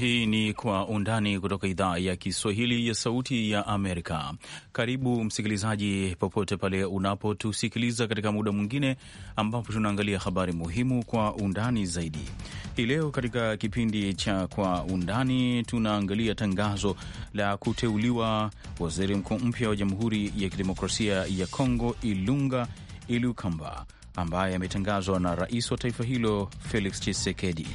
Hii ni Kwa Undani kutoka idhaa ya Kiswahili ya Sauti ya Amerika. Karibu msikilizaji, popote pale unapotusikiliza katika muda mwingine ambapo tunaangalia habari muhimu kwa undani zaidi. Hii leo katika kipindi cha Kwa Undani tunaangalia tangazo la kuteuliwa waziri mkuu mpya wa Jamhuri ya Kidemokrasia ya Kongo, Ilunga ilukamba ambaye ametangazwa na rais wa taifa hilo Felix Tshisekedi.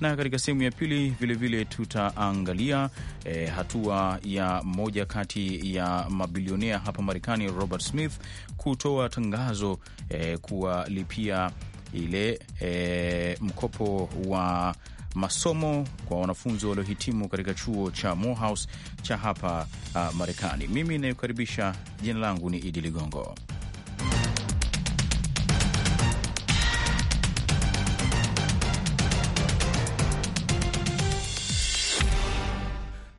Na katika sehemu ya pili vilevile tutaangalia e, hatua ya moja kati ya mabilionea hapa Marekani, Robert Smith kutoa tangazo e, kuwalipia ile e, mkopo wa masomo kwa wanafunzi waliohitimu katika chuo cha Morehouse cha hapa uh, Marekani. Mimi inayokaribisha, jina langu ni Idi Ligongo.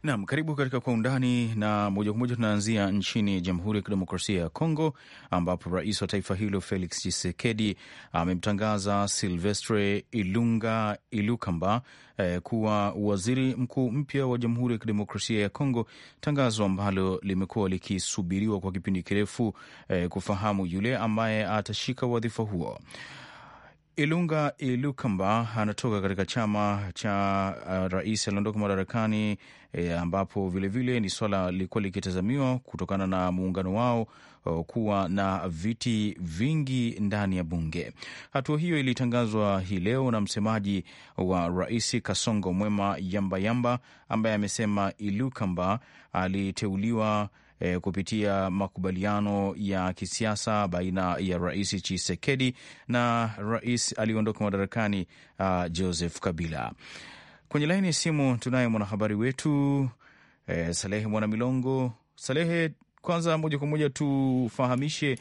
Naam, karibu katika kwa undani na moja kwa moja tunaanzia nchini Jamhuri ya Kidemokrasia ya Kongo ambapo rais wa taifa hilo Felix Tshisekedi amemtangaza Silvestre Ilunga Ilukamba eh, kuwa waziri mkuu mpya wa Jamhuri ya Kidemokrasia ya Kongo, tangazo ambalo limekuwa likisubiriwa kwa kipindi kirefu eh, kufahamu yule ambaye atashika wadhifa huo. Ilunga Ilukamba anatoka katika chama cha uh, rais aliondoka madarakani e, ambapo vilevile ni swala lilikuwa likitazamiwa kutokana na muungano wao kuwa na viti vingi ndani ya bunge. Hatua hiyo ilitangazwa hii leo na msemaji wa rais Kasongo Mwema Yambayamba ambaye amesema Ilukamba aliteuliwa E, kupitia makubaliano ya kisiasa baina ya Rais Chisekedi na rais aliyeondoka madarakani uh, Joseph Kabila. Kwenye laini ya simu tunaye mwanahabari wetu e, Salehe Mwanamilongo. Salehe, kwanza moja kwa moja tufahamishe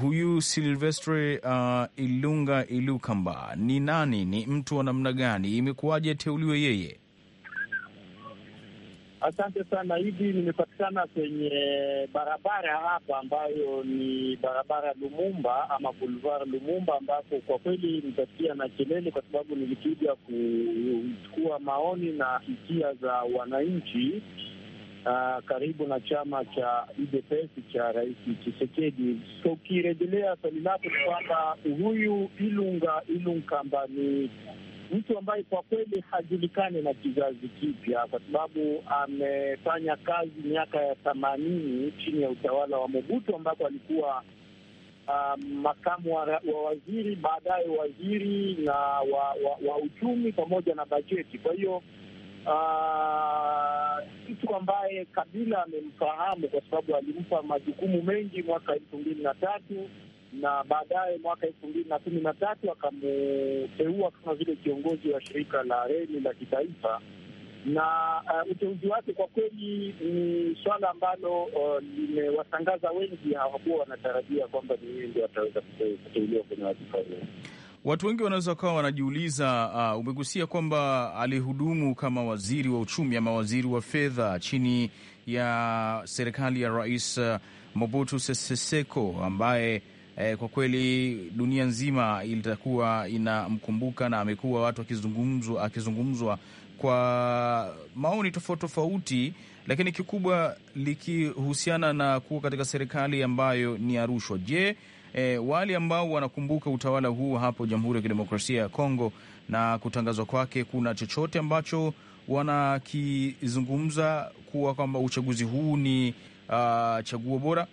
huyu Silvestre uh, Ilunga Ilukamba ni nani? Ni mtu wa namna gani? Imekuwaje ateuliwe yeye? Asante sana. Hivi nimepatikana kwenye barabara hapa ambayo ni barabara Lumumba ama Boulevard Lumumba, ambapo kwa kweli nitasikia na kelele, kwa sababu nilikuja kuchukua maoni na hisia za wananchi uh, karibu na chama cha UDPS cha Rais chisekedi So, ukirejelea swali lako ni kwamba huyu Ilunga Ilunkamba ni mtu ambaye kwa kweli hajulikani na kizazi kipya, kwa sababu amefanya kazi miaka ya themanini chini ya utawala wa Mobutu, ambapo alikuwa uh, makamu wa, wa waziri, baadaye waziri na wa, wa, wa uchumi pamoja na bajeti. Kwa hiyo uh, mtu uh, ambaye Kabila amemfahamu kwa sababu alimpa majukumu mengi mwaka elfu mbili na tatu na baadaye mwaka elfu mbili na kumi na tatu akamuteua kama vile kiongozi wa shirika la reli la kitaifa na uh, uteuzi wake kwa kweli ni swala ambalo uh, limewatangaza wengi. Hawakuwa wanatarajia kwamba ni yeye ndio ataweza kuteuliwa kwenye wadhifa huo. Watu wengi wanaweza wakawa wanajiuliza. Uh, umegusia kwamba alihudumu kama waziri wa uchumi ama waziri wa fedha chini ya serikali ya Rais uh, Mobutu Sese Seko ambaye eh, kwa kweli dunia nzima ilitakuwa inamkumbuka na amekuwa watu akizungumzwa akizungumzwa kwa maoni tofauti tofauti, lakini kikubwa likihusiana na kuwa katika serikali ambayo ni ya rushwa. Je, eh, wale ambao wanakumbuka utawala huu hapo Jamhuri ya Kidemokrasia ya Kongo na kutangazwa kwake, kuna chochote ambacho wanakizungumza kuwa kwamba uchaguzi huu ni uh, chaguo bora?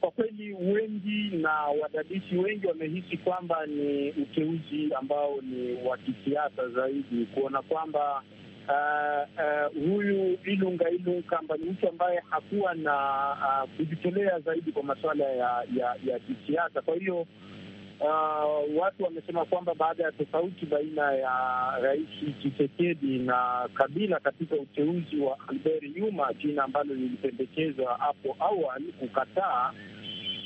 Kwa kweli wengi na wadadisi wengi wamehisi kwamba ni uteuzi ambao ni wa kisiasa zaidi, kuona kwamba uh, uh, huyu Ilunga Ilunga ni mtu ambaye hakuwa na uh, kujitolea zaidi kwa masuala ya ya, ya kisiasa. Kwa hiyo uh, watu wamesema kwamba baada ya tofauti baina ya Rais chisekedi na Kabila katika uteuzi wa Albert Yuma, jina ambalo lilipendekezwa hapo awali kukataa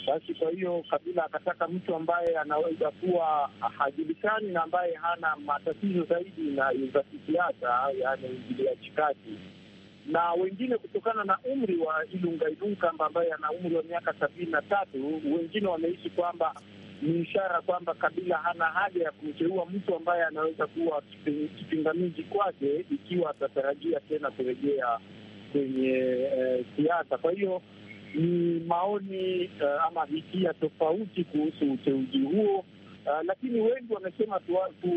basi kwa hiyo Kabila akataka mtu ambaye anaweza kuwa hajulikani na ambaye hana matatizo zaidi na za kisiasa, yaani uingiliaji kati, na wengine kutokana na umri wa Ilunga Ilunkamba ambaye ana umri wa miaka sabini na tatu, wengine wameishi kwamba ni ishara kwamba Kabila hana haja ya kumteua mtu ambaye anaweza kuwa kipingamizi kwake ikiwa atatarajia tena kurejea kwenye eh, siasa. Kwa hiyo ni maoni eh, ama hisia tofauti kuhusu uteuzi huo Uh, lakini wengi wamesema tu watu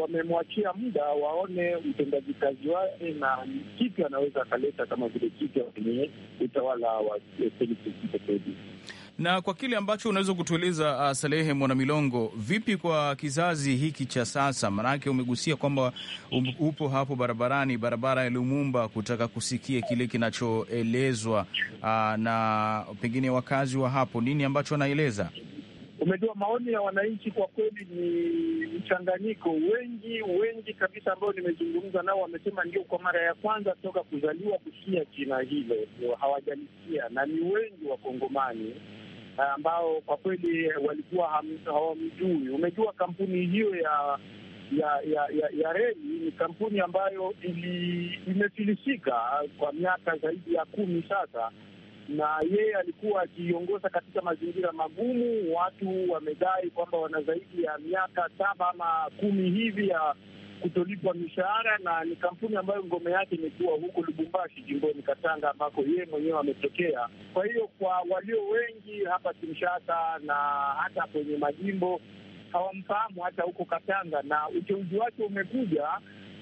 wamemwachia wa, wa muda waone utendaji kazi wake na kipi anaweza akaleta kama vile kipya kwenye utawala wa Felix Tshisekedi. Na kwa kile ambacho unaweza kutueleza uh, Salehe Mwanamilongo, vipi kwa kizazi hiki cha sasa? Maanake umegusia kwamba um, upo hapo barabarani, barabara ya Lumumba, kutaka kusikia kile kinachoelezwa uh, na pengine wakazi wa hapo, nini ambacho anaeleza Umejua, maoni ya wananchi kwa kweli ni mchanganyiko. Wengi wengi kabisa ambao nimezungumza nao wamesema ndio kwa mara ya kwanza toka kuzaliwa kusikia jina hilo, hawajalisikia na ni wengi Wakongomani eh, ambao kwa kweli walikuwa hawamjui. Umejua, kampuni hiyo ya ya ya ya, ya reli ni kampuni ambayo ili imefilisika kwa miaka zaidi ya kumi sasa na yeye alikuwa akiongoza katika mazingira magumu. Watu wamedai kwamba wana zaidi ya miaka saba ama kumi hivi ya kutolipwa mishahara, na ni kampuni ambayo ngome yake imekuwa huko Lubumbashi, jimboni Katanga, ambako yeye mwenyewe ametokea. Kwa hiyo kwa walio wengi hapa Kinshasa na hata kwenye majimbo hawamfahamu hata huko Katanga, na uteuzi wake umekuja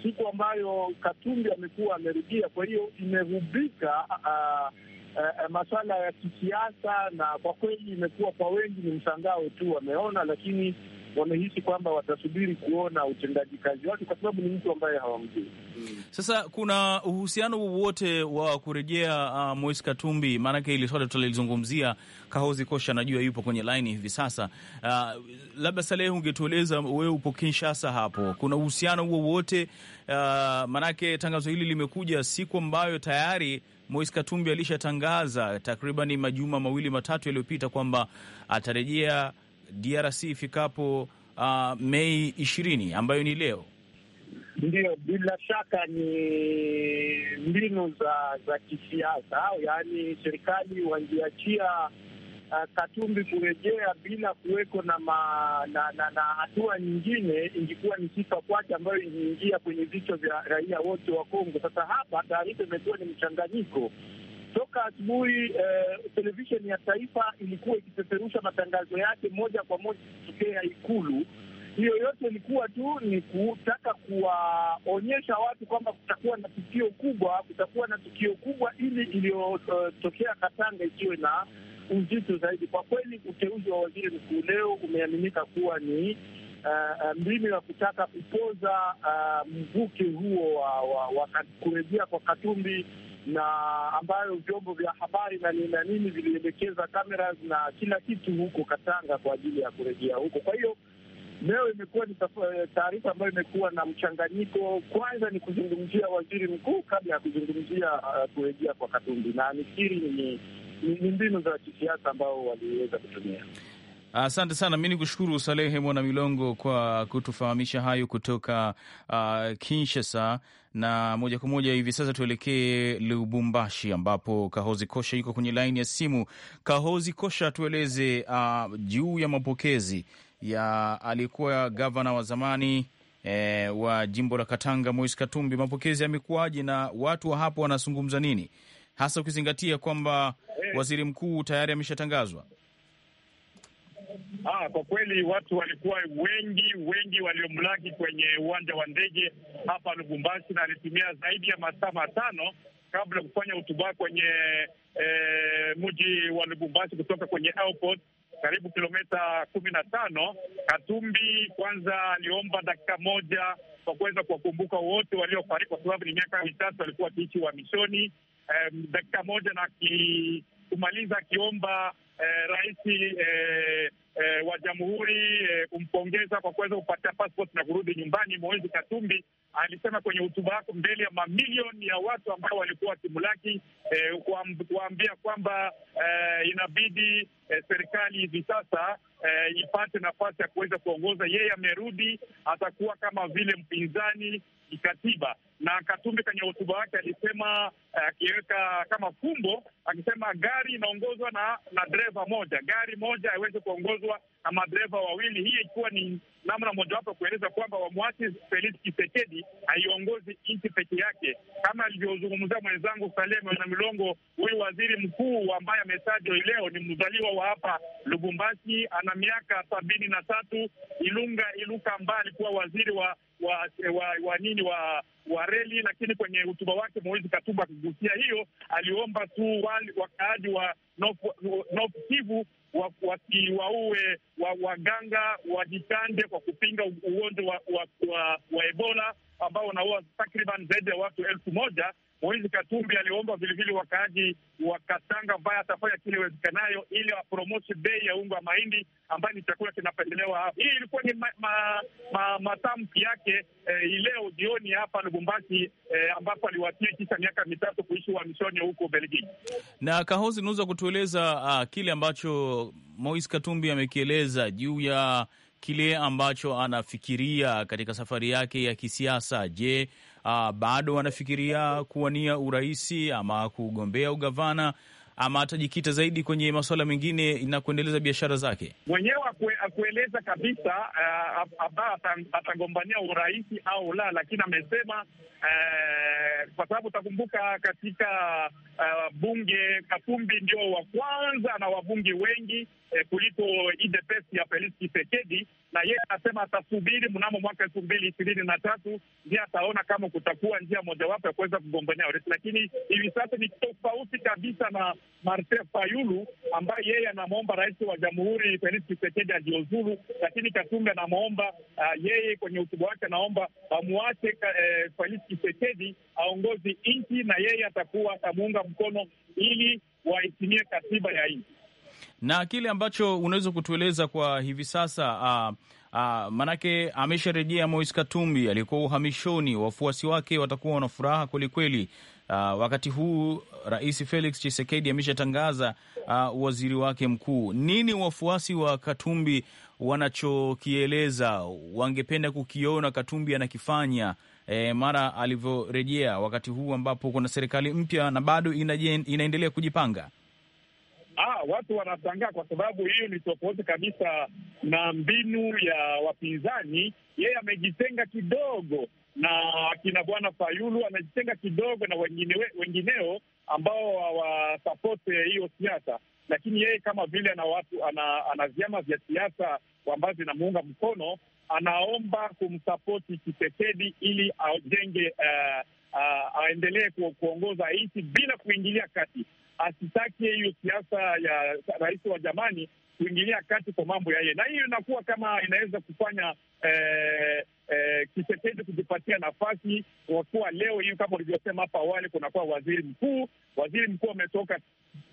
siku ambayo Katumbi amekuwa amerudia. Kwa hiyo imehubika uh, uh, eh, eh, masuala ya kisiasa, na kwa kweli imekuwa kwa wengi ni mshangao tu wameona, lakini wamehisi kwamba watasubiri kuona utendaji kazi wake, kwa sababu ni mtu ambaye hawamjui. Hmm. Sasa kuna uhusiano wowote wa kurejea uh, Moise Katumbi? Maanake ili swala tutalizungumzia. Kahozi Kosha najua yupo kwenye laini hivi sasa. Uh, labda Salehe, ungetueleza wewe, upo Kinshasa hapo, kuna uhusiano wowote uh, maanake tangazo hili limekuja siku ambayo tayari Moise Katumbi alishatangaza takriban majuma mawili matatu yaliyopita kwamba atarejea DRC ifikapo uh, Mei ishirini ambayo ni leo. ndio bila shaka ni mbinu za za kisiasa, yaani serikali waliachia uh, Katumbi kurejea bila kuweko na, na, na, na hatua nyingine. Ingekuwa ni sifa kwake ambayo iliingia kwenye vichwa vya raia wote wa Kongo. Sasa hapa taarifa imekuwa ni mchanganyiko toka asubuhi eh, televisheni ya taifa ilikuwa ikipeperusha matangazo yake moja kwa moja kutokea Ikulu. Hiyo yote ilikuwa tu ni kutaka kuwaonyesha watu kwamba kutakuwa na tukio kubwa, kutakuwa na tukio kubwa ili iliyotokea uh, Katanga isiwe na uzito zaidi. Kwa kweli, uteuzi wa waziri mkuu leo umeaminika kuwa ni uh, mbinu ya kutaka kupoza uh, mvuke huo wa, wa, wa kurejea kwa Katumbi na ambayo vyombo vya habari na nini na nini vilielekeza kamera na kila kitu huko Katanga kwa ajili ya kurejea huko. Kwa hiyo leo imekuwa ni eh, taarifa ambayo imekuwa na mchanganyiko. Kwanza ni kuzungumzia waziri mkuu kabla ya kuzungumzia uh, kurejea kwa Katumbi, na nafikiri ni ni mbinu za kisiasa ambao waliweza kutumia. Asante sana, mi ni kushukuru Salehe Mwana Milongo kwa kutufahamisha hayo kutoka uh, Kinshasa na moja kwa moja hivi sasa tuelekee Lubumbashi ambapo Kahozi Kosha yuko kwenye laini ya simu. Kahozi Kosha, tueleze uh, juu ya mapokezi ya aliyekuwa gavana wa zamani e, wa jimbo la Katanga Moise Katumbi. Mapokezi yamekuwaje na watu wa hapo wanazungumza nini, hasa ukizingatia kwamba eh. waziri mkuu tayari ameshatangazwa? Ah, kwa kweli watu walikuwa wengi wengi waliomlaki kwenye uwanja wa ndege hapa Lubumbashi, na alitumia zaidi ya masaa matano kabla ya kufanya hotuba kwenye eh, mji wa Lubumbashi kutoka kwenye airport karibu kilomita kumi na tano. Katumbi kwanza aliomba dakika moja kwa kuweza kuwakumbuka wote waliofariki, kwa sababu ni miaka mitatu alikuwa akiishi uhamishoni. Um, dakika moja na kumaliza akiomba eh, rais eh, eh, wa jamhuri eh, kumpongeza kwa kuweza kupatia passport na kurudi nyumbani. moezi Katumbi alisema kwenye hotuba yako mbele ya mamilioni ya watu ambao walikuwa wakimlaki eh, kuambia kwamba eh, inabidi eh, serikali hivi sasa eh, ipate nafasi ya kuweza kuongoza. Yeye amerudi, atakuwa kama vile mpinzani kikatiba na Katumbi kwenye hotuba wake alisema eh, akiweka uh, kama fumbo akisema gari inaongozwa na na dereva moja, gari moja haiwezi kuongozwa na madereva wawili. Hii ikiwa ni namna mojawapo kueleza kwamba wamwachi Felix Tshisekedi haiongozi nchi peke yake, kama alivyozungumzia mwenzangu Saleh na Milongo. Huyu waziri mkuu ambaye ametajwa leo ni mzaliwa wa hapa Lubumbashi, ana miaka sabini na tatu. Ilunga Iluka ambaye alikuwa waziri wa wa, wa, wa nini wa wa reli, lakini kwenye hutuba wake Moise Katumbi akigusia hiyo, aliomba tu wakaaji wa North Kivu wasiwaue wa, waganga wajitande kwa kupinga ugonjwa wa, wa, wa, wa Ebola ambao wanaua takriban zaidi ya watu elfu moja Moise Katumbi aliomba vilevile wakaaji wa Katanga ambaye atafanya kile iwezekanayo ili wapromote bei ya unga wa mahindi ambayo ni chakula kinapendelewa. Hii ilikuwa ni matamki ma, ma, ma yake eh, ileo jioni hapa Lubumbashi eh, ambapo aliwatia kisa miaka mitatu kuishi uhamishoni huko Belgiji. Na Kahozi, unaweza kutueleza uh, kile ambacho Moise Katumbi amekieleza juu ya kile ambacho anafikiria katika safari yake ya kisiasa. Je, uh, bado anafikiria kuwania uraisi ama kugombea ugavana ama atajikita zaidi kwenye masuala mengine na kuendeleza biashara zake mwenyewe, akueleza kabisa uh, uh, atagombania urais au la, lakini amesema uh, kwa sababu utakumbuka katika uh, bunge Katumbi ndio wa kwanza na wabunge wengi uh, kuliko ile ya Felix Tshisekedi na yeye anasema atasubiri mnamo mwaka elfu mbili ishirini na tatu ndiye ataona kama kutakuwa njia mojawapo ya kuweza kugombania urais, lakini hivi sasa ni tofauti kabisa na Martin Fayulu ambaye yeye anamwomba rais wa jamhuri Felix Tshisekedi ajiuzulu, lakini Katumbi anamwomba uh, yeye kwenye hotuba wake anaomba amwache eh, Felix Tshisekedi aongozi nchi na yeye atakuwa atamuunga mkono ili waitimie katiba ya nchi na kile ambacho unaweza kutueleza kwa hivi sasa uh, uh, manake amesharejea Moise Katumbi aliyekuwa uhamishoni. Wafuasi wake watakuwa wana furaha kwelikweli. Uh, ah, wakati huu Rais Felix Tshisekedi ameshatangaza uh, waziri wake mkuu. Nini wafuasi wa Katumbi wanachokieleza, wangependa kukiona Katumbi anakifanya e, mara alivyorejea, wakati huu ambapo kuna serikali mpya na bado inaendelea kujipanga? Ah, watu wanashangaa kwa sababu hiyo ni tofauti kabisa na mbinu ya wapinzani. Yeye amejitenga kidogo na akina bwana Fayulu, amejitenga kidogo na wengine, wengineo ambao hawasapote hiyo siasa, lakini yeye kama vile ana watu ana, ana vyama vya siasa ambavyo zinamuunga mkono, anaomba kumsapoti Tshisekedi ili ajenge uh, uh, aendelee kuongoza nchi bila kuingilia kati asitaki hiyo siasa ya rais wa zamani kuingilia kati kwa mambo ya yeye, na hiyo inakuwa kama inaweza kufanya eh, eh, Kisekedi kujipatia nafasi kwa kuwa leo hiyo, kama ulivyosema hapa awali, kunakuwa waziri mkuu. Waziri mkuu ametoka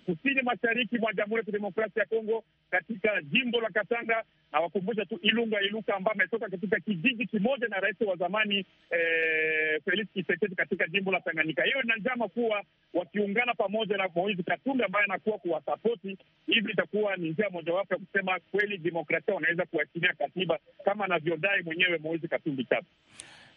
kusini mashariki mwa Jamhuri ya Kidemokrasia ya Kongo katika jimbo la Katanga, na wakumbusha tu Ilunga Iluka ambaye ametoka katika kijiji kimoja na rais wa zamani eh, Felix Tshisekedi katika jimbo la Tanganyika. Hiyo ina njama kuwa wakiungana pamoja na Moizi Katumbi ambaye anakuwa kuwasapoti hivi, itakuwa ni njia moja mojawapo ya kusema kweli demokrasia wanaweza kuachilia katiba kama anavyodai mwenyewe Moise Katumbi Chapwe.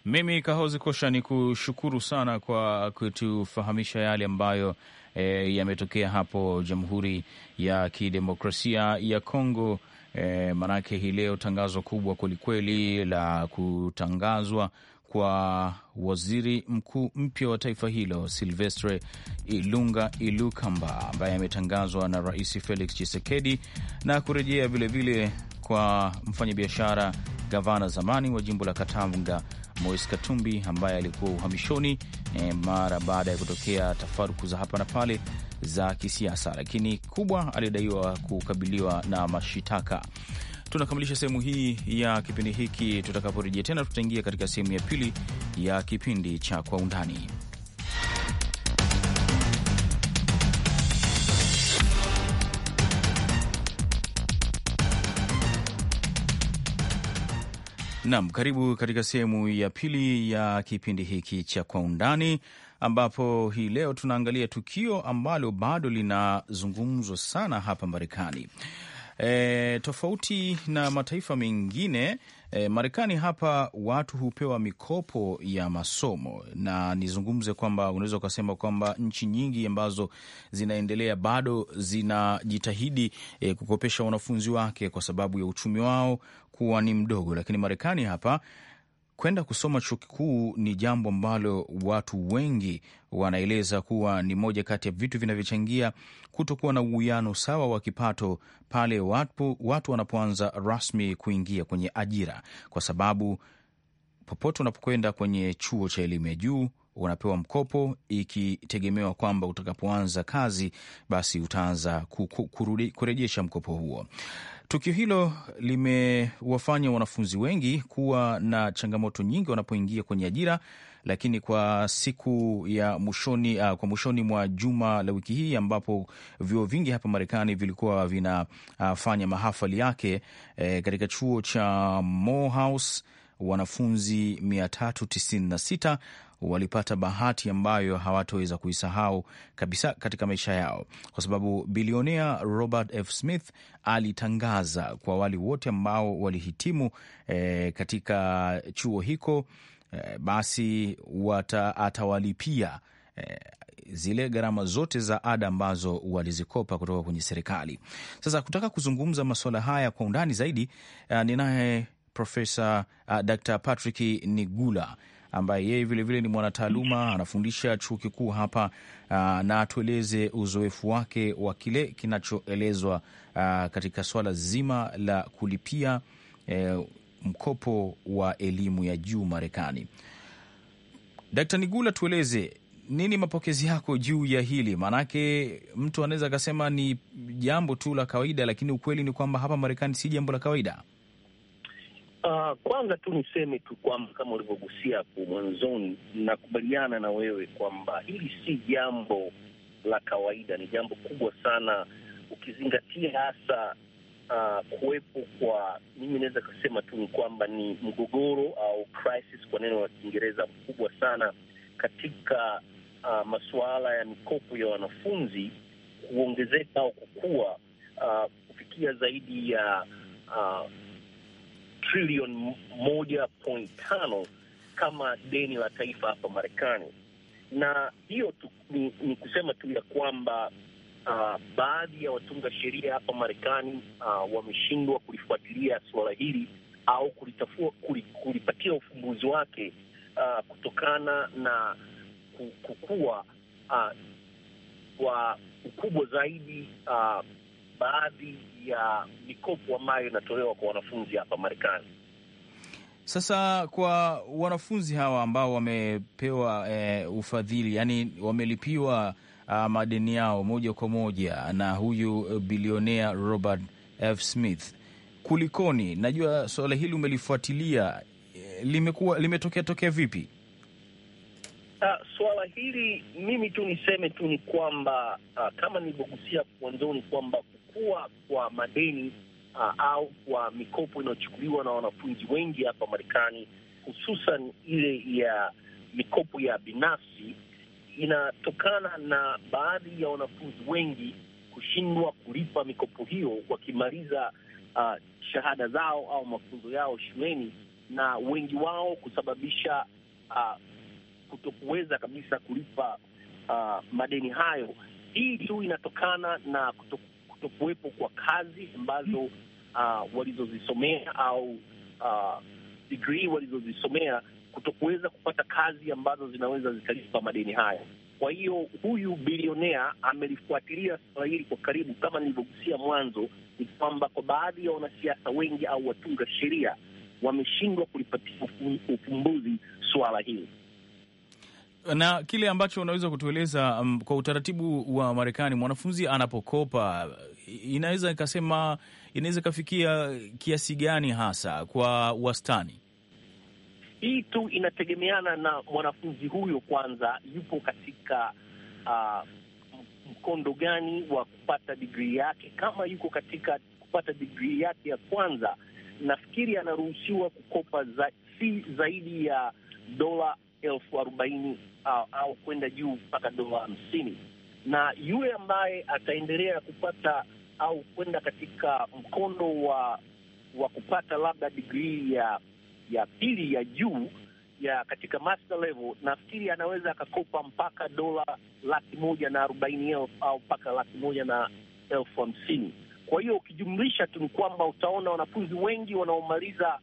Mimi Kahozi Kosha ni kushukuru sana kwa kutufahamisha yale ambayo e, yametokea hapo Jamhuri ya Kidemokrasia ya Kongo. E, maanake hii leo tangazo kubwa kwelikweli la kutangazwa kwa waziri mkuu mpya wa taifa hilo Silvestre Ilunga Ilukamba ambaye ametangazwa na Rais Felix Tshisekedi na kurejea vilevile kwa mfanyabiashara gavana zamani wa jimbo la Katanga mois Katumbi ambaye alikuwa uhamishoni e, mara baada ya kutokea tafaruku za hapa na pale za kisiasa, lakini kubwa alidaiwa kukabiliwa na mashitaka tunakamilisha sehemu hii ya kipindi hiki. Tutakaporejea tena, tutaingia katika sehemu ya pili ya kipindi cha Kwa Undani. Naam, karibu katika sehemu ya pili ya kipindi hiki cha Kwa Undani, ambapo hii leo tunaangalia tukio ambalo bado linazungumzwa sana hapa Marekani. E, tofauti na mataifa mengine e, Marekani hapa watu hupewa mikopo ya masomo, na nizungumze kwamba unaweza ukasema kwamba nchi nyingi ambazo zinaendelea bado zinajitahidi e, kukopesha wanafunzi wake kwa sababu ya uchumi wao kuwa ni mdogo, lakini Marekani hapa kwenda kusoma chuo kikuu ni jambo ambalo watu wengi wanaeleza kuwa ni moja kati ya vitu vinavyochangia kutokuwa na uwiano sawa wa kipato pale watu, watu wanapoanza rasmi kuingia kwenye ajira, kwa sababu popote unapokwenda kwenye chuo cha elimu ya juu unapewa mkopo ikitegemewa kwamba utakapoanza kazi basi utaanza kurejesha mkopo huo. Tukio hilo limewafanya wanafunzi wengi kuwa na changamoto nyingi wanapoingia kwenye ajira, lakini kwa siku ya mwishoni uh, kwa mwishoni mwa juma la wiki hii ambapo vyuo vingi hapa Marekani vilikuwa vinafanya uh, mahafali yake eh, katika chuo cha Morehouse wanafunzi 396 walipata bahati ambayo hawataweza kuisahau kabisa katika maisha yao, kwa sababu bilionea Robert F. Smith alitangaza kwa wale wote ambao walihitimu e, katika chuo hiko e, eh, basi wata, atawalipia e, zile gharama zote za ada ambazo walizikopa kutoka kwenye serikali. Sasa kutaka kuzungumza masuala haya kwa undani zaidi, ninaye Profesa uh, Dr Patrick Nigula ambaye yeye vilevile ni mwanataaluma anafundisha chuo kikuu hapa uh, na atueleze uzoefu wake wa kile kinachoelezwa uh, katika swala zima la kulipia eh, mkopo wa elimu ya juu Marekani. d Nigula, tueleze nini mapokezi yako juu ya hili? Maanake mtu anaweza akasema ni jambo tu la kawaida, lakini ukweli ni kwamba hapa Marekani si jambo la kawaida. Uh, kwanza tu niseme tu kwamba kama ulivyogusia hapo mwanzoni, nakubaliana na wewe kwamba hili si jambo la kawaida, ni jambo kubwa sana ukizingatia hasa uh, kuwepo kwa, mimi naweza kusema tu ni kwamba ni mgogoro au crisis kwa neno la Kiingereza mkubwa sana katika uh, masuala ya mikopo ya wanafunzi kuongezeka au kukua uh, kufikia zaidi ya uh, trilioni moja point tano kama deni la taifa hapa Marekani, na hiyo tu, ni, ni kusema tu ya kwamba uh, baadhi ya watunga sheria hapa Marekani uh, wameshindwa kulifuatilia suala hili au kulitafua kulipatia ufumbuzi wake uh, kutokana na kukua uh, kwa ukubwa zaidi uh, baadhi ya mikopo ambayo inatolewa kwa wanafunzi hapa Marekani. Sasa kwa wanafunzi hawa ambao wamepewa e, ufadhili yani wamelipiwa a, ah, madeni yao moja kwa moja na huyu eh, bilionea Robert F. Smith, kulikoni? Najua suala hili umelifuatilia, eh, limekuwa limetokea tokea vipi? Uh, ah, suala hili mimi tu niseme tu ni kwamba uh, kama nilivyogusia mwanzoni kwamba kukua kwa madeni uh, au kwa mikopo inayochukuliwa na wanafunzi wengi hapa Marekani, hususan ile ya mikopo ya binafsi, inatokana na baadhi ya wanafunzi wengi kushindwa kulipa mikopo hiyo wakimaliza uh, shahada zao au mafunzo yao shuleni, na wengi wao kusababisha uh, kutokuweza kabisa kulipa uh, madeni hayo. Hii tu inatokana na kutoku kutokuwepo kwa kazi ambazo uh, walizozisomea au uh, digrii walizozisomea kutokuweza kupata kazi ambazo zinaweza zikalipa madeni haya. Kwa hiyo huyu bilionea amelifuatilia suala hili kwa karibu. Kama nilivyogusia mwanzo, ni kwamba kwa baadhi ya wanasiasa wengi au watunga sheria wameshindwa kulipatia ufumbuzi suala hili na kile ambacho unaweza kutueleza um, kwa utaratibu wa Marekani, mwanafunzi anapokopa inaweza ikasema, inaweza ikafikia kiasi gani hasa kwa wastani? Hii tu inategemeana na mwanafunzi huyo, kwanza yupo katika uh, mkondo gani wa kupata digrii yake. Kama yuko katika kupata digrii yake ya kwanza, nafikiri anaruhusiwa kukopa za, si zaidi ya dola elfu arobaini au, au kwenda juu mpaka dola hamsini na yule ambaye ataendelea kupata au kwenda katika mkondo wa wa kupata labda digrii ya ya pili ya juu ya katika master level, nafikiri anaweza akakopa mpaka dola laki moja na arobaini elfu au mpaka laki moja na elfu hamsini. Kwa hiyo ukijumlisha tu ni kwamba utaona wanafunzi wengi wanaomaliza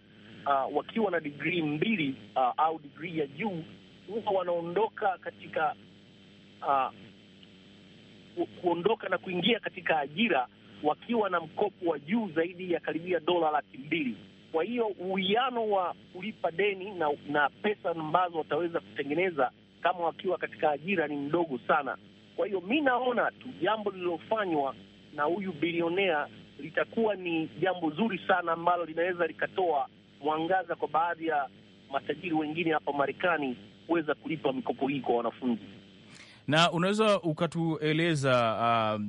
uh, wakiwa na digrii mbili uh, au digrii ya juu huwa wanaondoka katika uh, kuondoka na kuingia katika ajira wakiwa na mkopo wa juu zaidi ya karibia dola laki mbili. Kwa hiyo uwiano wa kulipa deni na, na pesa ambazo wataweza kutengeneza kama wakiwa katika ajira ni mdogo sana. Kwa hiyo mi naona tu jambo lililofanywa na huyu bilionea litakuwa ni jambo zuri sana ambalo linaweza likatoa mwangaza kwa baadhi ya matajiri wengine hapa Marekani kuweza kulipa mikopo hii kwa wanafunzi. Na unaweza ukatueleza uh,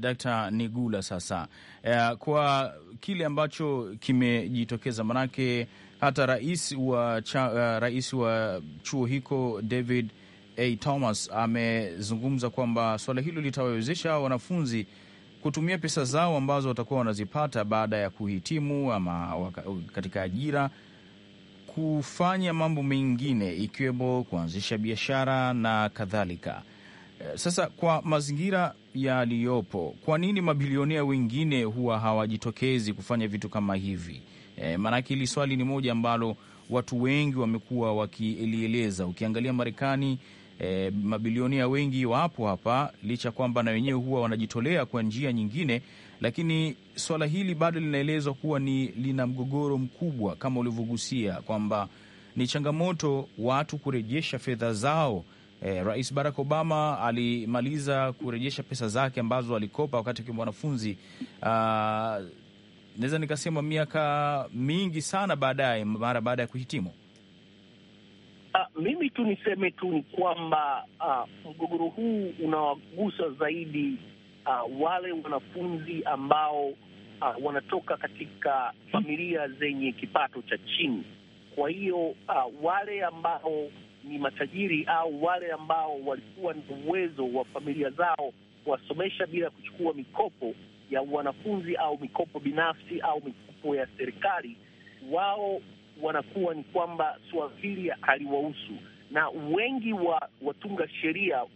Dr. Nigula sasa uh, kwa kile ambacho kimejitokeza, manake hata rais wa, cha, uh, rais wa chuo hiko David A. Thomas amezungumza kwamba suala hilo litawawezesha wanafunzi kutumia pesa zao ambazo watakuwa wanazipata baada ya kuhitimu ama waka, katika ajira kufanya mambo mengine ikiwemo kuanzisha biashara na kadhalika. Eh, sasa kwa mazingira yaliyopo, kwa nini mabilionea wengine huwa hawajitokezi kufanya vitu kama hivi? E, maanake hili swali ni moja ambalo watu wengi wamekuwa wakilieleza. Ukiangalia Marekani E, mabilionia wengi wapo hapa, licha kwamba na wenyewe huwa wanajitolea kwa njia nyingine, lakini swala hili bado linaelezwa kuwa ni lina mgogoro mkubwa, kama ulivyogusia kwamba ni changamoto watu kurejesha fedha zao. E, Rais Barack Obama alimaliza kurejesha pesa zake ambazo alikopa wakati akiwa mwanafunzi naweza nikasema miaka mingi sana baadaye, mara baada ya kuhitimu. Uh, mimi tu niseme tu ni kwamba uh, mgogoro huu unawagusa zaidi uh, wale wanafunzi ambao uh, wanatoka katika familia zenye kipato cha chini. Kwa hiyo uh, wale ambao ni matajiri au wale ambao walikuwa na uwezo wa familia zao kuwasomesha bila kuchukua mikopo ya wanafunzi au mikopo binafsi au mikopo ya serikali, wao wanakuwa ni kwamba suala hili haliwahusu, na wengi wa watunga sheria uh,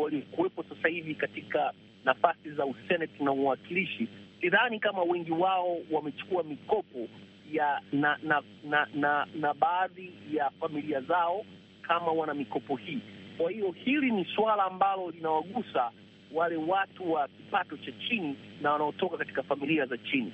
waliokuwepo sasa hivi katika nafasi za useneti na uwakilishi, sidhani kama wengi wao wamechukua mikopo ya na na na, na, na baadhi ya familia zao kama wana mikopo hii. Kwa hiyo hili ni suala ambalo linawagusa wale watu wa kipato cha chini na wanaotoka katika familia za chini.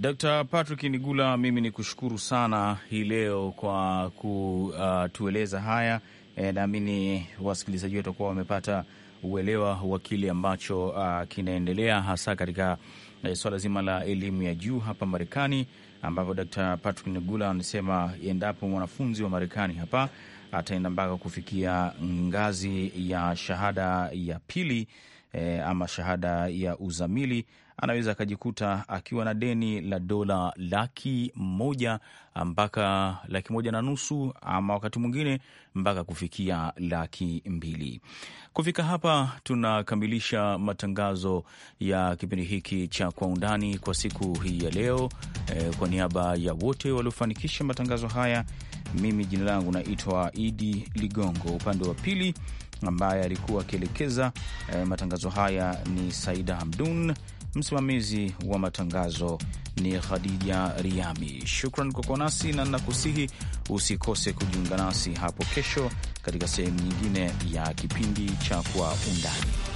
Dr. Patrick Nigula, mimi ni kushukuru sana hii leo kwa kutueleza haya e, naamini wasikilizaji wetu kuwa wamepata uelewa wa kile ambacho uh, kinaendelea hasa katika uh, swala zima la elimu ya juu hapa Marekani, ambapo Dr. Patrick Nigula anasema endapo mwanafunzi wa Marekani hapa ataenda mpaka kufikia ngazi ya shahada ya pili eh, ama shahada ya uzamili anaweza akajikuta akiwa na deni la dola laki moja mpaka laki moja na nusu ama wakati mwingine mpaka kufikia laki mbili. Kufika hapa tunakamilisha matangazo ya kipindi hiki cha Kwa Undani kwa siku hii ya leo. E, kwa niaba ya wote waliofanikisha matangazo haya, mimi jina langu naitwa Idi Ligongo, upande wa pili ambaye alikuwa akielekeza e, matangazo haya ni Saida Hamdun. Msimamizi wa matangazo ni Khadija Riami. Shukran kwa kuwa nasi na nakusihi usikose kujiunga nasi hapo kesho katika sehemu nyingine ya kipindi cha Kwa Undani.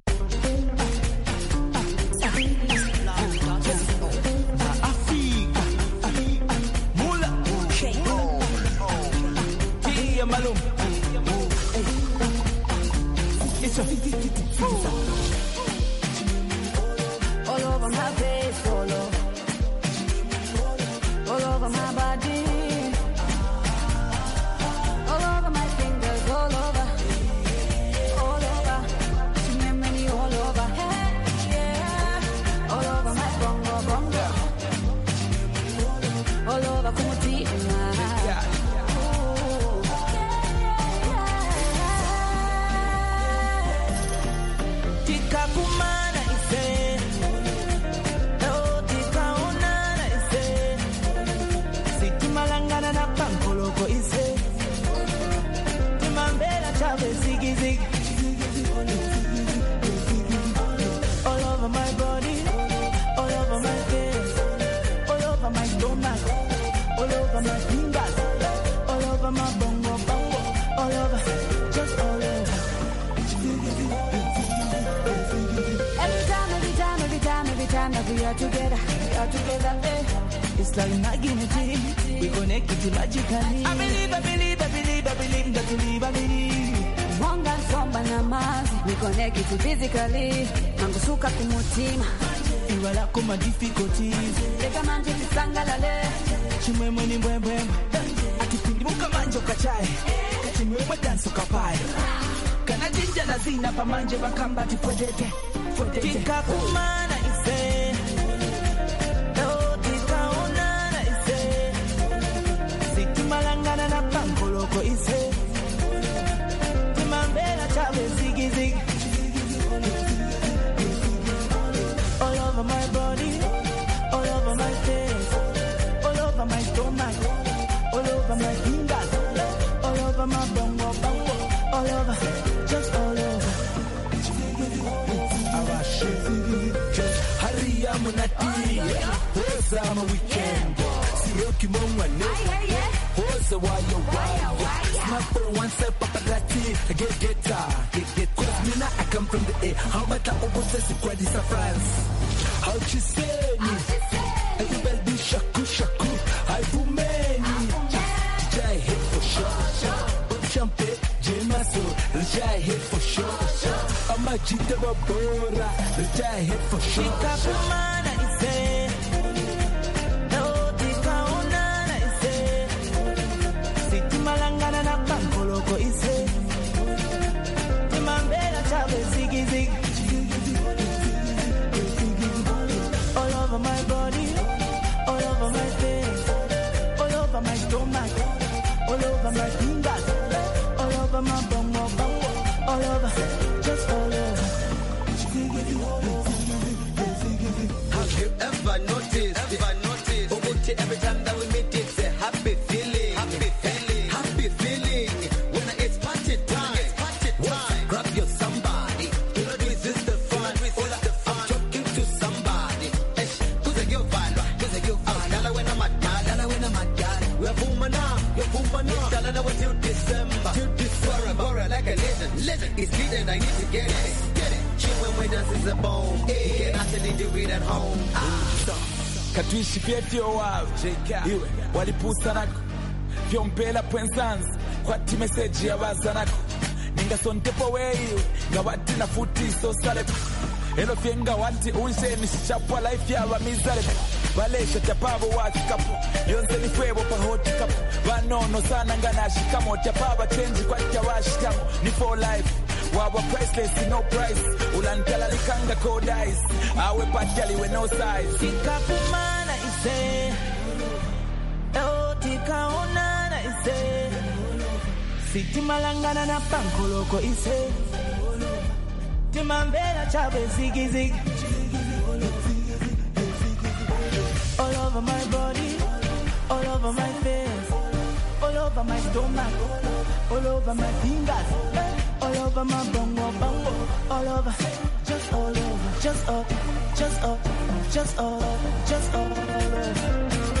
Capuma. are together, we are together, eh. It's like magnetic, we connect it magically. I believe, I believe, I believe, I believe, I believe, I believe. Mwanga somba na mazi, we connect it physically. Mangusuka kumutima, iwa lako ma difficulties. Leta manje tisangalale, chimwemwe ni mbwembwembwe. Atipindi muka manje ukachaye, kachimwemwe dance ukapaye. Kana jinja na zina pamanje bakamba tipodete. Tika kumana isee. over my stomach, all over my fingers, all over my bum, bongo, all over, just all over. Our shit, just hurry up, munati. Who's on my weekend? Siroki mongwane. Who's a wire wire? Snapper one step paparazzi. Get getter, get getter. Cause me now I come from the A. How about the opposite? Squad is a France. How you say me? hit for sure. I a might cheat the Babora, the hit for sure. She caught my it at home. Ah. Katuishi vyevyo wawe iwe walipusanako vyompela pwenzanzi kwati meseji yavazanako ningasontepo weiwe ngawati na futi isosaleko elo vyenga wanti unsheni shishapwa life yavamizaleko valesha tyapavo washikapo yonzeni fwevo pahotikapo vanono sana nganashikamo tyapava chenji kwati tyavashitamo ni for life wawa priceless no price ulantela likanga kodais awe partially we no size tikakumana ise eo oh, tikaonana ise sitimalangana na pankoloko ise timambela chabe zigizigi all over my body all over my face over my stomach, all over my fingers, all over my bongo bongo, all over, just all over, just all, just all, just all, just all over.